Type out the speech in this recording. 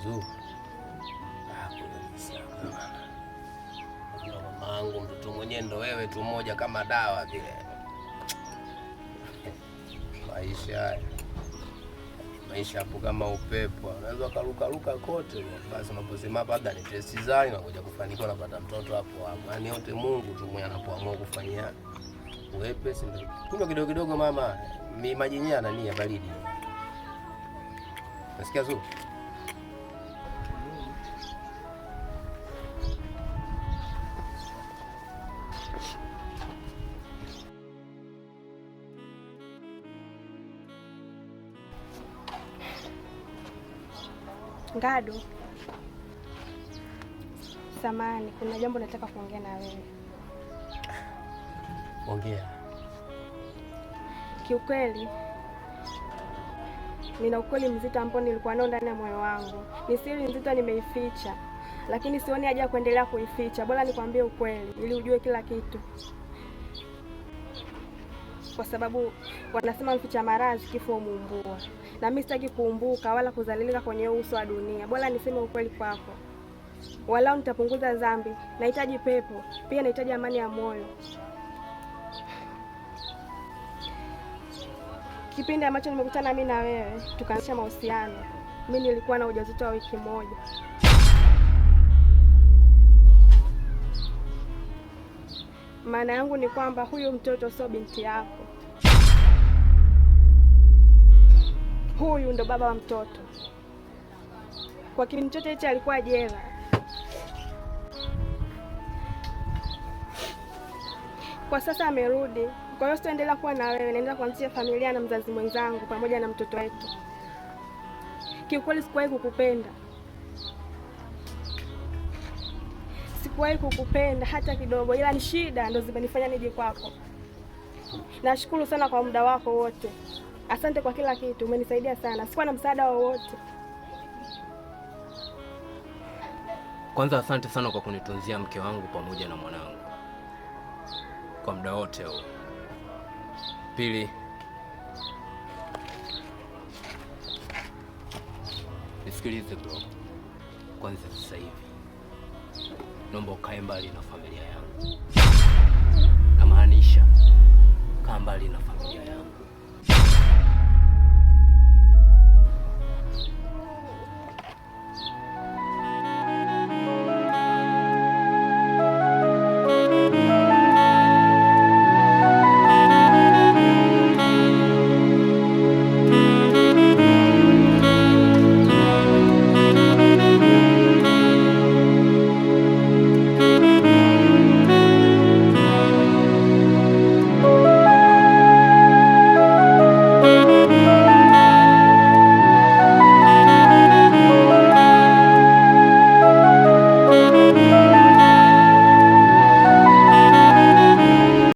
vizuri. Ah, Unajua mama yangu, mtoto mwenyewe ndo wewe tu mmoja kama dawa vile. Maisha maisha hapo kama upepo, unaweza ukarukaruka kote. Basi unapozima labda ni testi zani, unakuja kufanikiwa, unapata mtoto hapo hapo. Yaani yote Mungu tu mwenyewe anapoamua kufanyia wepesi. Kunywa kidogo kidogo, mama, maji yenyewe anania baridi. Nasikia zuri. Ngado, samani, kuna jambo nataka kuongea na wewe. Ongea. Kiukweli nina ukweli mzito ambao nilikuwa nao ndani ya moyo wangu. Ni siri nzito, nimeificha, lakini sioni haja ya kuendelea kuificha. Bora nikwambie ukweli ili ujue kila kitu, kwa sababu wanasema mficha maradhi kifo umuumbua na mimi sitaki kuumbuka wala kuzalilika kwenye uso wa dunia, bora niseme ukweli kwako, walau nitapunguza dhambi. Nahitaji pepo pia, nahitaji amani ya moyo, kipindi ambacho nimekutana mimi na wewe tukaanzisha mahusiano, mimi nilikuwa na ujauzito wa wiki moja. Maana yangu ni kwamba huyu mtoto sio binti yako. huyu ndo baba wa mtoto. Kwa kipindi chote hicho alikuwa jela. Kwa sasa amerudi, kwa hiyo sitaendelea kuwa na wewe, naendelea kuanzisha familia na mzazi mwenzangu pamoja na mtoto wetu. Kiukweli sikuwahi kukupenda, sikuwahi kukupenda hata kidogo, ila ni shida ndo zimenifanya nije kwako. Nashukuru sana kwa muda wako wote. Asante kwa kila kitu, umenisaidia sana. Sikuwa na msaada wowote. Kwanza asante sana kwa kunitunzia mke wangu pamoja na mwanangu kwa muda wote huu. Pili, nisikilize bro, kwanza sasa hivi naomba ukae mbali na familia yangu. Thank you.